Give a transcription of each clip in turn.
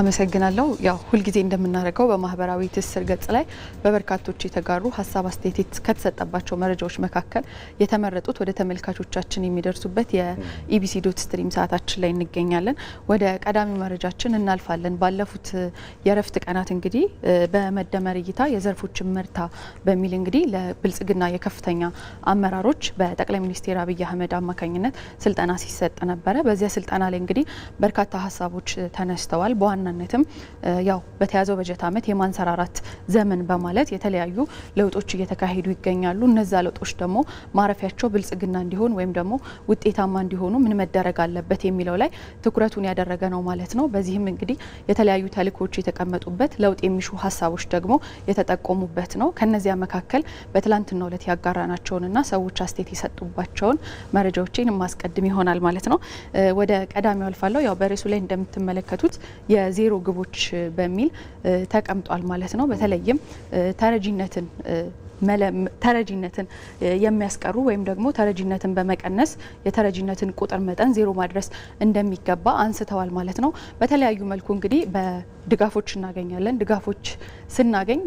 አመሰግናለሁ። ያው ሁልጊዜ እንደምናደርገው በማህበራዊ ትስስር ገጽ ላይ በበርካቶች የተጋሩ ሀሳብ አስተያየት ከተሰጠባቸው መረጃዎች መካከል የተመረጡት ወደ ተመልካቾቻችን የሚደርሱበት የኢቢሲ ዶት ስትሪም ሰዓታችን ላይ እንገኛለን። ወደ ቀዳሚ መረጃችን እናልፋለን። ባለፉት የእረፍት ቀናት እንግዲህ በመደመር እይታ የዘርፎችን መርታ በሚል እንግዲህ ለብልጽግና የከፍተኛ አመራሮች በጠቅላይ ሚኒስትር አብይ አህመድ አማካኝነት ስልጠና ሲሰጥ ነበረ። በዚያ ስልጠና ላይ እንግዲህ በርካታ ሀሳቦች ተነስተዋል። በዋና በዋናነትም ያው በተያዘው በጀት ዓመት የማንሰራራት ዘመን በማለት የተለያዩ ለውጦች እየተካሄዱ ይገኛሉ። እነዛ ለውጦች ደግሞ ማረፊያቸው ብልጽግና እንዲሆን ወይም ደግሞ ውጤታማ እንዲሆኑ ምን መደረግ አለበት የሚለው ላይ ትኩረቱን ያደረገ ነው ማለት ነው። በዚህም እንግዲህ የተለያዩ ተልእኮች የተቀመጡበት ለውጥ የሚሹ ሀሳቦች ደግሞ የተጠቆሙበት ነው። ከነዚያ መካከል በትላንትናው ዕለት ያጋራናቸውንና ሰዎች አስተያየት የሰጡባቸውን መረጃዎችን የማስቀድም ይሆናል ማለት ነው። ወደ ቀዳሚው አልፋለሁ። ያው በርዕሱ ላይ እንደምትመለከቱት ዜሮ ግቦች በሚል ተቀምጧል ማለት ነው። በተለይም ተረጂነትን ተረጂነትን የሚያስቀሩ ወይም ደግሞ ተረጂነትን በመቀነስ የተረጂነትን ቁጥር መጠን ዜሮ ማድረስ እንደሚገባ አንስተዋል ማለት ነው። በተለያዩ መልኩ እንግዲህ ድጋፎች እናገኛለን። ድጋፎች ስናገኝ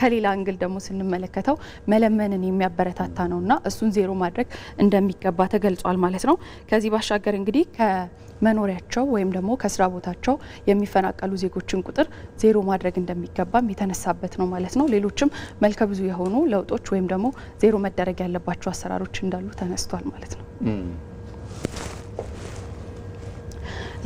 ከሌላ አንግል ደግሞ ስንመለከተው መለመንን የሚያበረታታ ነው እና እሱን ዜሮ ማድረግ እንደሚገባ ተገልጿል ማለት ነው። ከዚህ ባሻገር እንግዲህ ከመኖሪያቸው ወይም ደግሞ ከስራ ቦታቸው የሚፈናቀሉ ዜጎችን ቁጥር ዜሮ ማድረግ እንደሚገባም የተነሳበት ነው ማለት ነው። ሌሎችም መልከ ብዙ የሆኑ ለውጦች ወይም ደግሞ ዜሮ መደረግ ያለባቸው አሰራሮች እንዳሉ ተነስቷል ማለት ነው።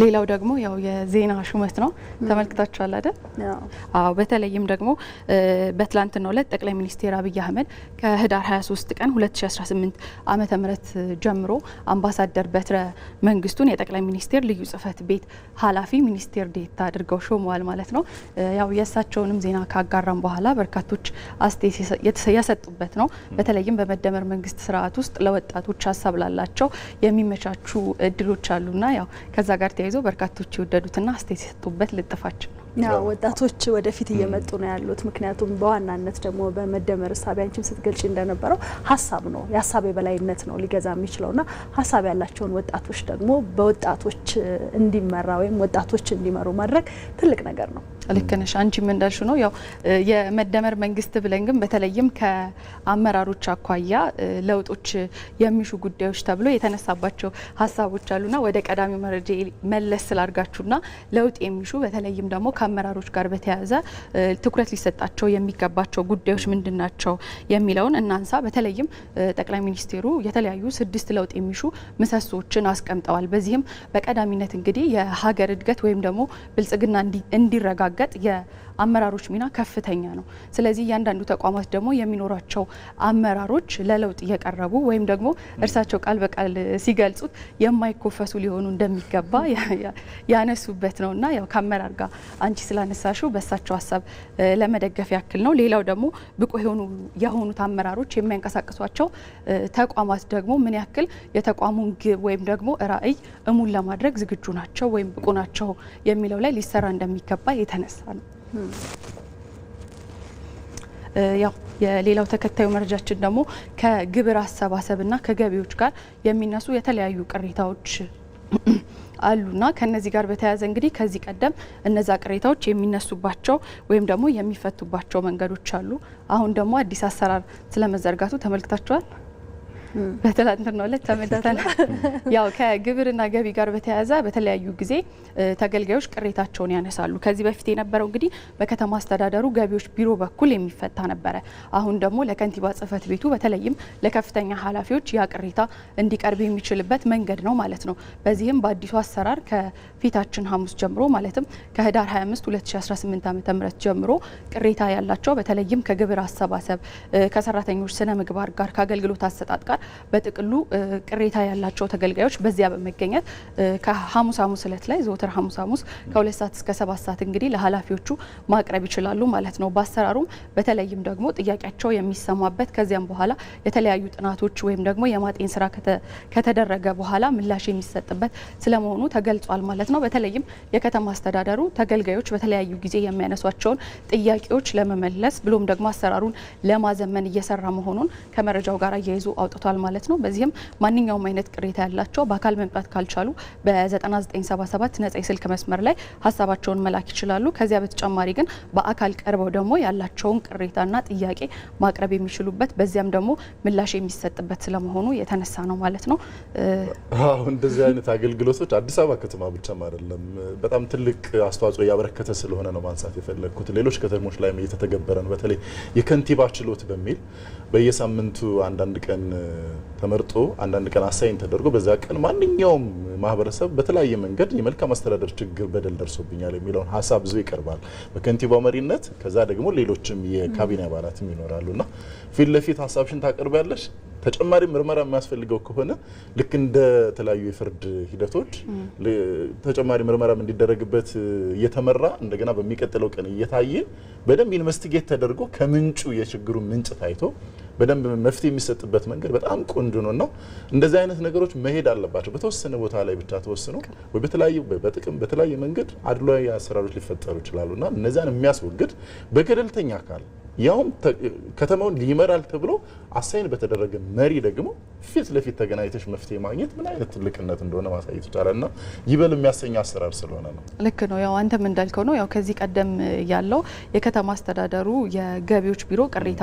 ሌላው ደግሞ ያው የዜና ሹመት ነው። ተመልክታችኋል አይደል? አዎ። በተለይም ደግሞ በትላንትናው ዕለት ጠቅላይ ሚኒስትር አብይ አህመድ ከህዳር 23 ቀን 2018 ዓመተ ምህረት ጀምሮ አምባሳደር በትረ መንግስቱን የጠቅላይ ሚኒስቴር ልዩ ጽህፈት ቤት ኃላፊ ሚኒስቴር ዴታ አድርገው ሾመዋል ማለት ነው። ያው የእሳቸውንም ዜና ካጋራም በኋላ በርካቶች አስተያየት የሰጡበት ነው። በተለይም በመደመር መንግስት ስርዓት ውስጥ ለወጣቶች ሀሳብ ላላቸው የሚመቻቹ እድሎች አሉና ያው ከዛ ጋር ተያይዞ ተያይዞ በርካቶች የወደዱትና አስተያየት የሰጡበት ልጥፋችን ነው። ወጣቶች ወደፊት እየመጡ ነው ያሉት። ምክንያቱም በዋናነት ደግሞ በመደመር እሳቤ አንቺም እንደነበረው ሀሳብ ነው የሀሳብ የበላይነት ነው ሊገዛ ና ሀሳብ ያላቸውን ወጣቶች ደግሞ በወጣቶች እንዲመራ ወይም ወጣቶች እንዲመሩ ማድረግ ትልቅ ነገር ነው። ልክ ነሽ። አንቺም እንዳልሽው ነው ያው የመደመር መንግስት ብለን ግን በተለይም ከአመራሮች አኳያ ለውጦች የሚሹ ጉዳዮች ተብሎ የተነሳባቸው ሀሳቦች አሉና ወደ ቀዳሚው መረጃ መለስ ስላርጋችሁና ለውጥ የሚሹ በተለይም ደግሞ ከአመራሮች ጋር በተያያዘ ትኩረት ሊሰጣቸው የሚገባቸው ጉዳዮች ምንድን ናቸው የሚለውን እናንሳ። በተለይም ጠቅላይ ሚኒስቴሩ የተለያዩ ስድስት ለውጥ የሚሹ ምሰሶዎችን አስቀምጠዋል። በዚህም በቀዳሚነት እንግዲህ የሀገር እድገት ወይም ደግሞ ብልጽግና እንዲረጋ። በማረጋገጥ አመራሮች ሚና ከፍተኛ ነው። ስለዚህ እያንዳንዱ ተቋማት ደግሞ የሚኖሯቸው አመራሮች ለለውጥ እየቀረቡ ወይም ደግሞ እርሳቸው ቃል በቃል ሲገልጹት የማይኮፈሱ ሊሆኑ እንደሚገባ ያነሱበት ነው እና ያው ከአመራር ጋር አንቺ ስላነሳሹ በእሳቸው ሀሳብ ለመደገፍ ያክል ነው። ሌላው ደግሞ ብቁ የሆኑት አመራሮች የሚያንቀሳቅሷቸው ተቋማት ደግሞ ምን ያክል የተቋሙን ግብ ወይም ደግሞ ራዕይ እሙን ለማድረግ ዝግጁ ናቸው ወይም ብቁ ናቸው የሚለው ላይ ሊሰራ እንደሚገባ የተነሳ ነው። ያው የሌላው ተከታዩ መረጃችን ደግሞ ከግብር አሰባሰብና ከገቢዎች ጋር የሚነሱ የተለያዩ ቅሬታዎች አሉና ከነዚህ ጋር በተያያዘ እንግዲህ ከዚህ ቀደም እነዛ ቅሬታዎች የሚነሱባቸው ወይም ደግሞ የሚፈቱባቸው መንገዶች አሉ። አሁን ደግሞ አዲስ አሰራር ስለመዘርጋቱ ተመልክታችኋል። በትላንትናው ዕለት ተመልክተናል። ያው ከግብርና ገቢ ጋር በተያያዘ በተለያዩ ጊዜ ተገልጋዮች ቅሬታቸውን ያነሳሉ። ከዚህ በፊት የነበረው እንግዲህ በከተማ አስተዳደሩ ገቢዎች ቢሮ በኩል የሚፈታ ነበረ። አሁን ደግሞ ለከንቲባ ጽህፈት ቤቱ በተለይም ለከፍተኛ ኃላፊዎች ያ ቅሬታ እንዲቀርብ የሚችልበት መንገድ ነው ማለት ነው። በዚህም በአዲሱ አሰራር ከፊታችን ሐሙስ ጀምሮ ማለትም ከህዳር 25 2018 ዓ.ም ጀምሮ ቅሬታ ያላቸው በተለይም ከግብር አሰባሰብ ከሰራተኞች ስነ ምግባር ጋር ከአገልግሎት አሰጣጥ ጋር በጥቅሉ ቅሬታ ያላቸው ተገልጋዮች በዚያ በመገኘት ከሐሙስ ሐሙስ እለት ላይ ዘወትር ሐሙስ ሐሙስ ከሁለት ሰዓት እስከ ሰባት ሰዓት እንግዲህ ለኃላፊዎቹ ማቅረብ ይችላሉ ማለት ነው። በአሰራሩም በተለይም ደግሞ ጥያቄያቸው የሚሰማበት ከዚያም በኋላ የተለያዩ ጥናቶች ወይም ደግሞ የማጤን ስራ ከተደረገ በኋላ ምላሽ የሚሰጥበት ስለመሆኑ ተገልጿል ማለት ነው። በተለይም የከተማ አስተዳደሩ ተገልጋዮች በተለያዩ ጊዜ የሚያነሷቸውን ጥያቄዎች ለመመለስ ብሎም ደግሞ አሰራሩን ለማዘመን እየሰራ መሆኑን ከመረጃው ጋር አያይዞ አውጥቷል። ተከስቷል ማለት ነው። በዚህም ማንኛውም አይነት ቅሬታ ያላቸው በአካል መምጣት ካልቻሉ በ9977 ነጻ የስልክ መስመር ላይ ሀሳባቸውን መላክ ይችላሉ። ከዚያ በተጨማሪ ግን በአካል ቀርበው ደግሞ ያላቸውን ቅሬታና ጥያቄ ማቅረብ የሚችሉበት በዚያም ደግሞ ምላሽ የሚሰጥበት ስለመሆኑ የተነሳ ነው ማለት ነው። እንደዚህ አይነት አገልግሎቶች አዲስ አበባ ከተማ ብቻም አይደለም በጣም ትልቅ አስተዋጽኦ እያበረከተ ስለሆነ ነው ማንሳት የፈለግኩት። ሌሎች ከተሞች ላይም እየተተገበረ ነው። በተለይ የከንቲባ ችሎት በሚል በየሳምንቱ አንዳንድ ቀን ተመርጦ አንዳንድ ቀን አሳይን ተደርጎ በዛ ቀን ማንኛውም ማህበረሰብ በተለያየ መንገድ የመልካም አስተዳደር ችግር በደል ደርሶብኛል የሚለውን ሀሳብ ብዙ ይቀርባል በከንቲባው መሪነት። ከዛ ደግሞ ሌሎችም የካቢኔ አባላትም እና ፊት ለፊት ሀሳብሽን ታቀርቢያለሽ። ተጨማሪ ምርመራ የሚያስፈልገው ከሆነ ልክ እንደ ተለያዩ የፍርድ ሂደቶች ተጨማሪ ምርመራም እንዲደረግበት እየተመራ እንደገና በሚቀጥለው ቀን እየታየ በደንብ ኢንቨስቲጌት ተደርጎ ከምንጩ የችግሩ ምንጭ ታይቶ በደንብ መፍትሄ የሚሰጥበት መንገድ በጣም ቆንጆ ነው እና እንደዚህ አይነት ነገሮች መሄድ አለባቸው። በተወሰነ ቦታ ላይ ብቻ ተወስኖ ወይ በተለያዩ በጥቅም በተለያየ መንገድ አድሏዊ አሰራሮች ሊፈጠሩ ይችላሉ እና እነዚያን የሚያስወግድ በገለልተኛ አካል ያውም ከተማውን ሊመራል ተብሎ አሳይን በተደረገ መሪ ደግሞ ፊት ለፊት ተገናኝተሽ መፍትሄ ማግኘት ምን አይነት ትልቅነት እንደሆነ ማሳየት ይቻላል ና ይበል የሚያሰኝ አሰራር ስለሆነ ነው። ልክ ነው። ያው አንተም እንዳልከው ነው። ያው ከዚህ ቀደም ያለው የከተማ አስተዳደሩ የገቢዎች ቢሮ ቅሬታ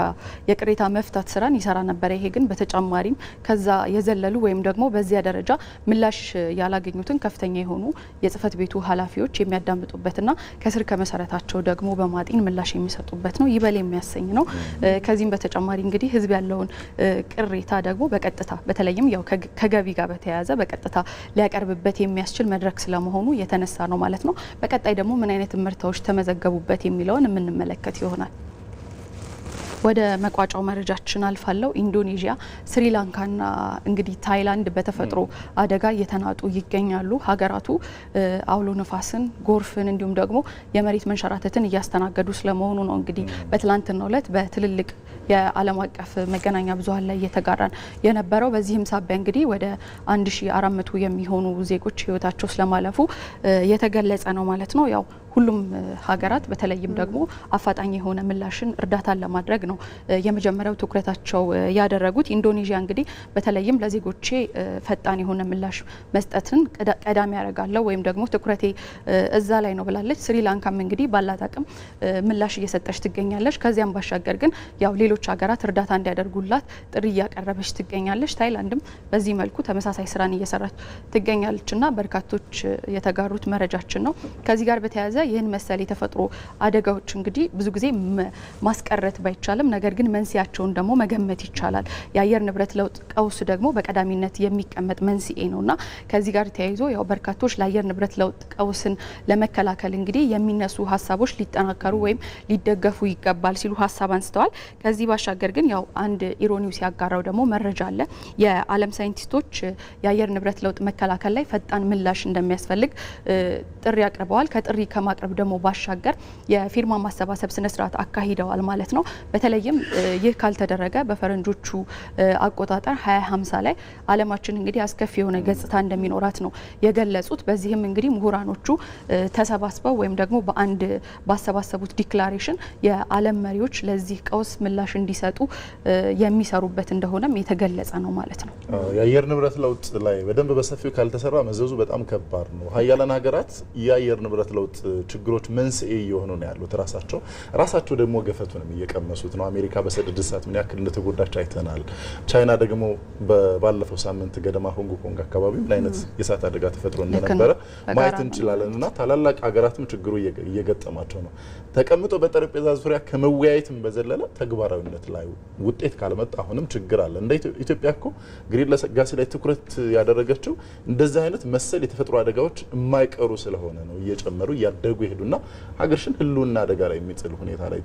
የቅሬታ መፍታት ስራን ይሰራ ነበረ። ይሄ ግን በተጨማሪም ከዛ የዘለሉ ወይም ደግሞ በዚያ ደረጃ ምላሽ ያላገኙትን ከፍተኛ የሆኑ የጽህፈት ቤቱ ኃላፊዎች ና ከስር ከመሰረታቸው ደግሞ በማጤን ምላሽ የሚሰጡበት ነው። ይበል የሚያሰኝ ነው። ከዚህም በተጨማሪ እንግዲህ ህዝብ ያለው ያለውን ቅሬታ ደግሞ በቀጥታ በተለይም ያው ከገቢ ጋር በተያያዘ በቀጥታ ሊያቀርብበት የሚያስችል መድረክ ስለመሆኑ የተነሳ ነው ማለት ነው። በቀጣይ ደግሞ ምን አይነት ምርታዎች ተመዘገቡበት የሚለውን የምንመለከት ይሆናል። ወደ መቋጫው መረጃችን አልፋለሁ። ኢንዶኔዥያ፣ ስሪላንካና እንግዲህ ታይላንድ በተፈጥሮ አደጋ እየተናጡ ይገኛሉ። ሀገራቱ አውሎ ነፋስን፣ ጎርፍን እንዲሁም ደግሞ የመሬት መንሸራተትን እያስተናገዱ ስለመሆኑ ነው እንግዲህ በትላንትናው ዕለት በትልልቅ የዓለም አቀፍ መገናኛ ብዙኃን ላይ እየተጋራን የነበረው። በዚህም ሳቢያ እንግዲህ ወደ 1400 የሚሆኑ ዜጎች ህይወታቸው ስለማለፉ የተገለጸ ነው ማለት ነው ያው ሁሉም ሀገራት በተለይም ደግሞ አፋጣኝ የሆነ ምላሽን እርዳታን ለማድረግ ነው የመጀመሪያው ትኩረታቸው ያደረጉት። ኢንዶኔዥያ እንግዲህ በተለይም ለዜጎቼ ፈጣን የሆነ ምላሽ መስጠትን ቀዳሚ ያደርጋለሁ ወይም ደግሞ ትኩረቴ እዛ ላይ ነው ብላለች። ስሪላንካም እንግዲህ ባላት አቅም ምላሽ እየሰጠች ትገኛለች። ከዚያም ባሻገር ግን ያው ሌሎች ሀገራት እርዳታ እንዲያደርጉላት ጥሪ እያቀረበች ትገኛለች። ታይላንድም በዚህ መልኩ ተመሳሳይ ስራን እየሰራች ትገኛለች እና በርካቶች የተጋሩት መረጃችን ነው። ከዚህ ጋር በተያያዘ ይህን መሰል የተፈጥሮ አደጋዎች እንግዲህ ብዙ ጊዜ ማስቀረት ባይቻልም ነገር ግን መንስኤያቸውን ደግሞ መገመት ይቻላል። የአየር ንብረት ለውጥ ቀውስ ደግሞ በቀዳሚነት የሚቀመጥ መንስኤ እና ከዚህ ጋር ተያይዞ ያው በርካቶች ለአየር ንብረት ለውጥ ቀውስን ለመከላከል እንግዲህ የሚነሱ ሀሳቦች ሊጠናከሩ ወይም ሊደገፉ ይገባል ሲሉ ሀሳብ አንስተዋል። ከዚህ ባሻገር ግን ያው አንድ ኢሮኒው ሲያጋራው ደግሞ መረጃ አለ። የዓለም ሳይንቲስቶች የአየር ንብረት ለውጥ መከላከል ላይ ፈጣን ምላሽ እንደሚያስፈልግ ጥሪ አቅርበዋል። ከጥሪ ከማ ከማቅረብ ደግሞ ባሻገር የፊርማ ማሰባሰብ ስነስርዓት አካሂደዋል ማለት ነው። በተለይም ይህ ካልተደረገ በፈረንጆቹ አቆጣጠር 2050 ላይ አለማችን እንግዲህ አስከፊ የሆነ ገጽታ እንደሚኖራት ነው የገለጹት። በዚህም እንግዲህ ምሁራኖቹ ተሰባስበው ወይም ደግሞ በአንድ ባሰባሰቡት ዲክላሬሽን የዓለም መሪዎች ለዚህ ቀውስ ምላሽ እንዲሰጡ የሚሰሩበት እንደሆነም የተገለጸ ነው ማለት ነው። የአየር ንብረት ለውጥ ላይ በደንብ በሰፊው ካልተሰራ መዘዙ በጣም ከባድ ነው። ሀያላን ሀገራት የአየር ንብረት ለውጥ ችግሮች መንስኤ እየሆኑ ነው ያሉት ራሳቸው ራሳቸው ደግሞ ገፈቱንም እየቀመሱት ነው። አሜሪካ በሰደድ እሳት ምን ያክል እንደተጎዳች አይተናል። ቻይና ደግሞ ባለፈው ሳምንት ገደማ ሆንግ ኮንግ አካባቢ ምን አይነት የእሳት አደጋ ተፈጥሮ እንደነበረ ማየት እንችላለን። እና ታላላቅ ሀገራትም ችግሩ እየገጠማቸው ነው። ተቀምጦ በጠረጴዛ ዙሪያ ከመወያየትም በዘለለ ተግባራዊነት ላይ ውጤት ካልመጣ አሁንም ችግር አለ። እንደ ኢትዮጵያ እኮ ግሪን ለጋሴ ላይ ትኩረት ያደረገችው እንደዚህ አይነት መሰል የተፈጥሮ አደጋዎች የማይቀሩ ስለሆነ ነው እየጨመሩ እያደ እያደጉ ይሄዱና ሀገርሽን ህልውና አደጋ ላይ የሚጥል ሁኔታ ላይ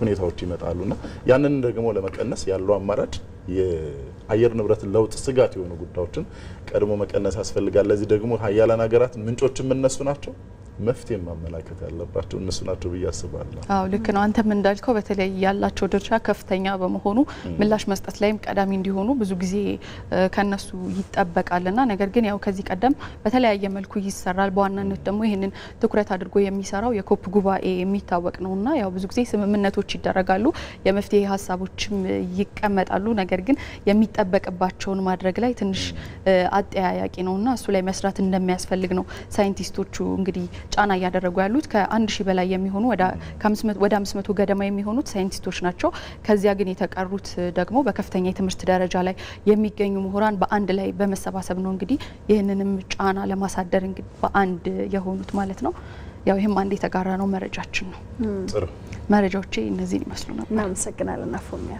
ሁኔታዎች ይመጣሉና ያንን ደግሞ ለመቀነስ ያለው አማራጭ የአየር ንብረት ለውጥ ስጋት የሆኑ ጉዳዮችን ቀድሞ መቀነስ ያስፈልጋል። ለዚህ ደግሞ ሀያላን ሀገራት ምንጮችም እነሱ ናቸው። መፍትሄ ማመላከት ያለባቸው እነሱ ናቸው ብዬ አስባለሁ። አዎ ልክ ነው። አንተም እንዳልከው በተለይ ያላቸው ድርሻ ከፍተኛ በመሆኑ ምላሽ መስጠት ላይም ቀዳሚ እንዲሆኑ ብዙ ጊዜ ከነሱ ይጠበቃልና ነገር ግን ያው ከዚህ ቀደም በተለያየ መልኩ ይሰራል። በዋናነት ደግሞ ይህንን ትኩረት አድርጎ የሚሰራው የኮፕ ጉባኤ የሚታወቅ ነውና ያው ብዙ ጊዜ ስምምነቶች ይደረጋሉ፣ የመፍትሄ ሀሳቦችም ይቀመጣሉ። ነገር ግን የሚጠበቅባቸውን ማድረግ ላይ ትንሽ አጠያያቂ ነውና እሱ ላይ መስራት እንደሚያስፈልግ ነው ሳይንቲስቶቹ እንግዲህ ጫና እያደረጉ ያሉት ከአንድ ሺህ በላይ የሚሆኑ ወደ አምስት መቶ ገደማ የሚሆኑት ሳይንቲስቶች ናቸው። ከዚያ ግን የተቀሩት ደግሞ በከፍተኛ የትምህርት ደረጃ ላይ የሚገኙ ምሁራን በአንድ ላይ በመሰባሰብ ነው እንግዲህ ይህንንም ጫና ለማሳደር እንግዲህ በአንድ የሆኑት ማለት ነው። ያው ይህም አንድ የተጋራ ነው መረጃችን ነው። መረጃዎቼ እነዚህን ይመስሉ ነበር። እናመሰግናለን አፎሚያ።